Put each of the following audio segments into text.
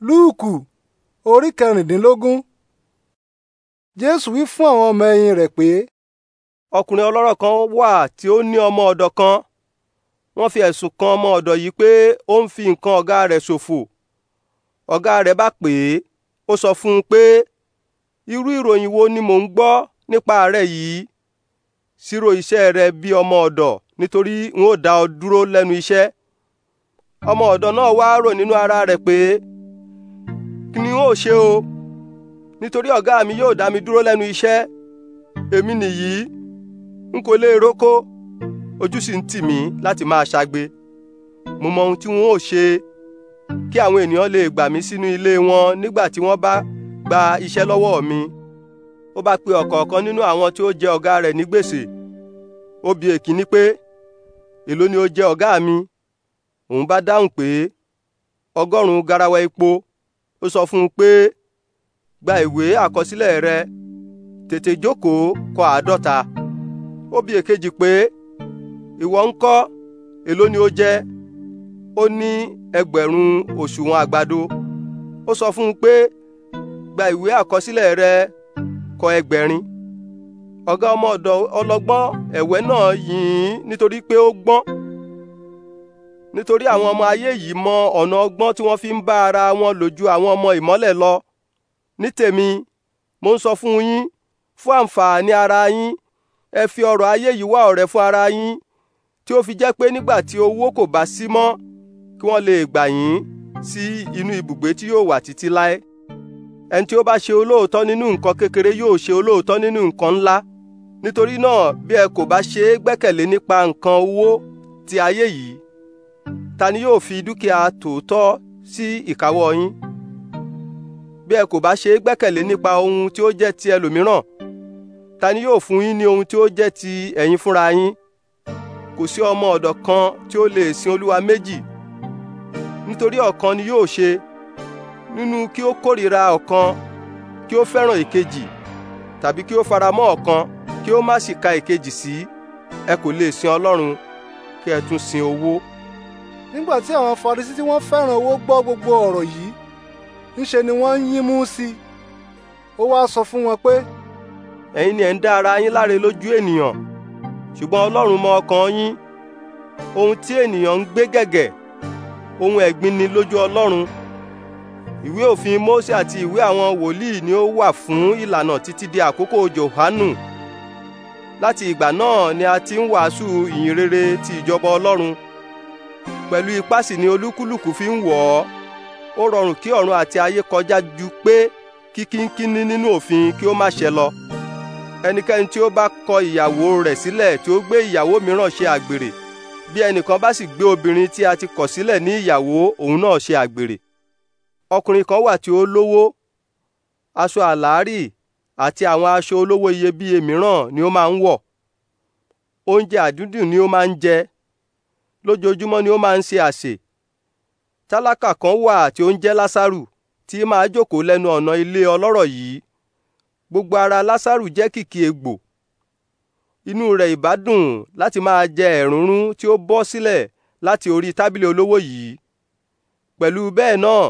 lúùkù orí kẹrìndínlógún. jésù wí fún àwọn ọmọ ẹ̀yìn rẹ̀ pé. ọkùnrin ọlọ́rọ̀ kan wà tí ó ní ọmọ ọ̀dọ̀ kan wọ́n fi ẹ̀sùn kan ọmọ ọ̀dọ̀ yìí pé ó ń fi nǹkan ọ̀gá rẹ̀ ṣòfò ọ̀gá rẹ̀ bá pè é ó sọ fún un pé irú ìròyìn wo ni mò ń gbọ́ nípa rẹ̀ yìí ṣírò iṣẹ́ rẹ bí ọmọ ọ̀dọ̀ nítorí n ó dá ọ dúró lẹ́nu iṣẹ́ ọmọ ọ̀dọ̀ náà wá rò nínú ara rẹ̀ pé ni n ó ṣe o nítorí ọ̀gá mi yóò dá mi dúró lẹ́nu iṣẹ́ èmi nìyí n kò lè rókó ojú sì ń tì mí láti máa ṣagbe mo mọ ohun tí n ó ṣe kí àwọn ènìyàn lè gbà mí sínú ilé wọn nígbà tí wọ́n bá gba iṣẹ́ lọ́wọ́ mi ó bá pe ọ̀kọ̀ọ̀kan nínú àwọn tí ó jẹ ọ̀gá rẹ̀ ní gbèsè ó bi èkíní pé èló ni ó jẹ ọ̀gá mi òun bá dáhùn pé ọgọ́rùn garawa epo ó sọ fún un pé gba ìwé àkọsílẹ̀ rẹ tètè jókòó kọ àádọ́ta ó bi èkejì pé ìwọ ń kọ́ èló ni ó jẹ́ ó ní ẹgbẹ̀rún òṣùwọ̀n àgbàdo ó sọ fún un pé gba ìwé àkọsílẹ̀ rẹ kọ ẹgbẹ̀rin ọ̀gá ọmọ ọ̀dọ̀ ọlọ́gbọ́n ẹ̀wẹ́ náà yìn ín nítorí pé ó gbọ́n nítorí àwọn ọmọ ayé yìí mọ ọ̀nà ọgbọ́n tí wọ́n fi ń bá ara wọn lò ju àwọn ọmọ ìmọ́lẹ̀ lọ ní tèmi mo ń sọ fún yín fún àǹfààní ara yín ẹ fi ọrọ̀ ayé yìí wá ọ̀rẹ́ fún ara yín tí ó fi jẹ́ pé nígbà tí owó kò bá sí mọ́ kí wọ́n lè gbà yín sí inú ibùgbé tí yóò wà títí láé ẹni tí ó bá ṣe olóòótọ́ nínú nǹkan kékeré yóò ṣe olóòótọ́ nínú nǹkan ńlá nítorí náà bí ẹ kò bá ṣe é gbẹ́kẹ̀lé nípa nǹkan owó ti ayé yìí ta ni yóò fi dúkìá tòótọ́ sí ìkáwọ́ yín bí ẹ kò bá ṣe é gbẹ́kẹ̀lé nípa ohun tí ó jẹ́ ti ẹlòmíràn ta ni yóò fún yín ní ohun tí ó jẹ́ ti ẹ̀yin fúnra yín kò sí ọmọ ọ̀dọ̀ kan tí ó lè sin olúwa méjì nítorí ọ̀kan ni yóò ṣe nínú kí ó kórìíra ọ̀kan kí ó fẹ́ràn ìkejì tàbí kí ó faramọ́ ọ̀kan kí ó má sì ka ìkejì sí ẹ kò lè sin ọlọ́run kí ẹ tún sin owó nígbà àwọn Farisí tí wọ́n fẹ́ràn owó gbọ́ gbogbo ọ̀rọ̀ yìí ńṣe ni wọ́n ń yínmú sí i ó wá sọ fún wọn pé. ẹ̀yin ni ẹ̀ ń dá ara yín láre lójú ènìyàn ṣùgbọ́n Ọlọ́run mọ ọkàn yín ohun tí ènìyàn ń gbé gẹ̀gẹ̀ ohun ẹ̀gbin ni lójú Ọlọ́run ìwé òfin Mósè àti ìwé àwọn wòlíì ni ó wà fún ìlànà títí di àkókò Jòhánù láti ìgbà náà ni a ti ń wàásù ìyìn rere ti ìjọba Ọlọ́run pẹ̀lú ipá sì ni olúkúlùkù fi ń wọ̀ ọ́ ó rọrùn kí ọ̀run àti ayé kọjá ju pé kí kínkínní nínú òfin kí ó má ṣe lọ ẹnikẹ́ni tí ó bá kọ ìyàwó rẹ̀ sílẹ̀ tí ó gbé ìyàwó mìíràn ṣe àgbèrè bí ẹnìkan bá sì gbé obìnrin tí a ti kọ̀ sílẹ̀ ní ìyàwó òun náà ṣe àgbèrè ọkùnrin kan wà tí ó lówó aṣọ àlárì àti àwọn aṣọ olówó iyebíye mìíràn ni ó máa ń wọ̀ oúnjẹ àdúndùn ni ó máa ń jẹ lójoojúmọ́ ni ó máa ń ṣe àṣè tálákà kan wà tí ó ń jẹ́ lásàrù tí máa jókòó lẹ́nu ọ̀nà ilé ọlọ́rọ̀ yìí gbogbo ara lásàrù jẹ́ kìkì egbò inú rẹ̀ ìbá láti máa jẹ ẹ̀rúnrún tí ó bọ́ sílẹ̀ láti orí tábìlì olówó yìí pẹ̀lú bẹ́ẹ̀ náà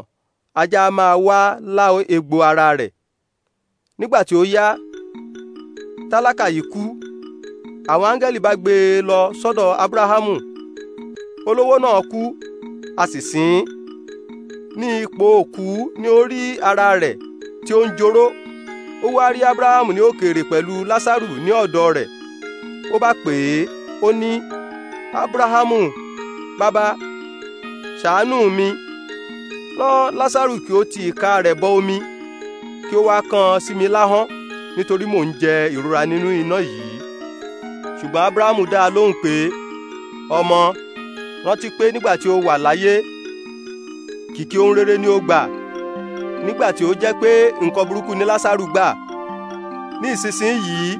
ajá máa wá lá egbò ara rẹ̀ nígbà tí ó yá tálákà yìí kú àwọn áńgẹ́lì bá gbé e lọ sọ́dọ̀ abrahamu olówó náà kú a sì sin ín ní ipò òkú ni ó rí ara rẹ̀ tí ó ń joró ó wá rí abrahamu ní òkèèrè pẹ̀lú lásàrù ní ọ̀dọ̀ rẹ̀ ó bá pè é ó ní abrahamu bàbá ṣàánú mi lọ lásàrù kí ó ti ìka rẹ̀ bọ omi kí ó wá kan sí mi láhọ́n nítorí mò ń jẹ ìrora nínú iná yìí ṣùgbọ́n abrahamu dá a lóhùn pé ọmọ rántí pé nígbà tí ó wà láyé kìkì ohun rere ni ó gbà nígbà tí ó jẹ́ pé nǹkan burúkú ni lásàrù gbà ní ìsinsìnyí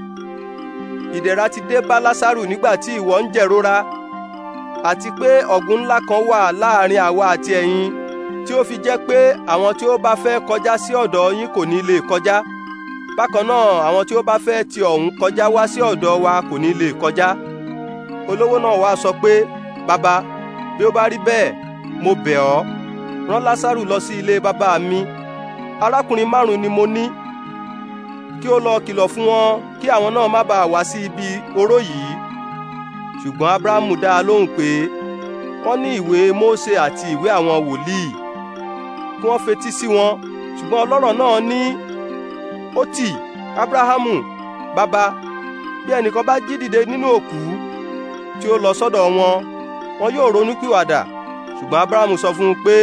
ìdẹ̀ra ti dé bá lásàrù nígbà tí ìwọ ń jẹ̀rora àti pé ọ̀gùn ńlá kan wà láàrin àwa àti ẹ̀yin tí ó fi jẹ́ pé àwọn tí ó bá fẹ́ kọjá sí ọ̀dọ̀ yín kò ní lè kọjá bákan náà àwọn tí ó bá fẹ́ ti ọ̀hún kọjá wá sí ọ̀dọ̀ wa kò ní lè kọjá olówó náà wá sọ pé bàbá bí ó bá rí bẹ́ẹ̀ mo bẹ̀ ọ́ rán lásàrù lọ sí ilé bàbá mi arákùnrin márùn-ún ni mo ní kí ó lọ kìlọ̀ fún wọn kí àwọn náà má bàa wá sí ibi oró yìí ṣùgbọ́n abrahamu dá a lóhùn pé wọ́n ní ìwé mósè àti ìwé àwọn wòlíì kí wọ́n fetí sí wọn ṣùgbọ́n ọlọ́rọ̀ náà ní ó tì abrahamu bàbá bí ẹnìkan bá jí dìde nínú òkú tí ó lọ sọ́dọ̀ wọn wọn yóò ronú pìwàdà ṣùgbọ́n abrahamu sọ fún un pé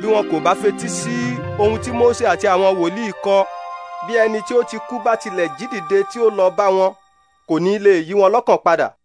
bí wọn kò bá fetí sí ohun tí mose àti àwọn wòlíì kọ bí ẹni tí ó ti kú bá tilẹ̀ jí dìde tí ó lọ bá wọn kò ní lè yí wọn lọ́kàn padà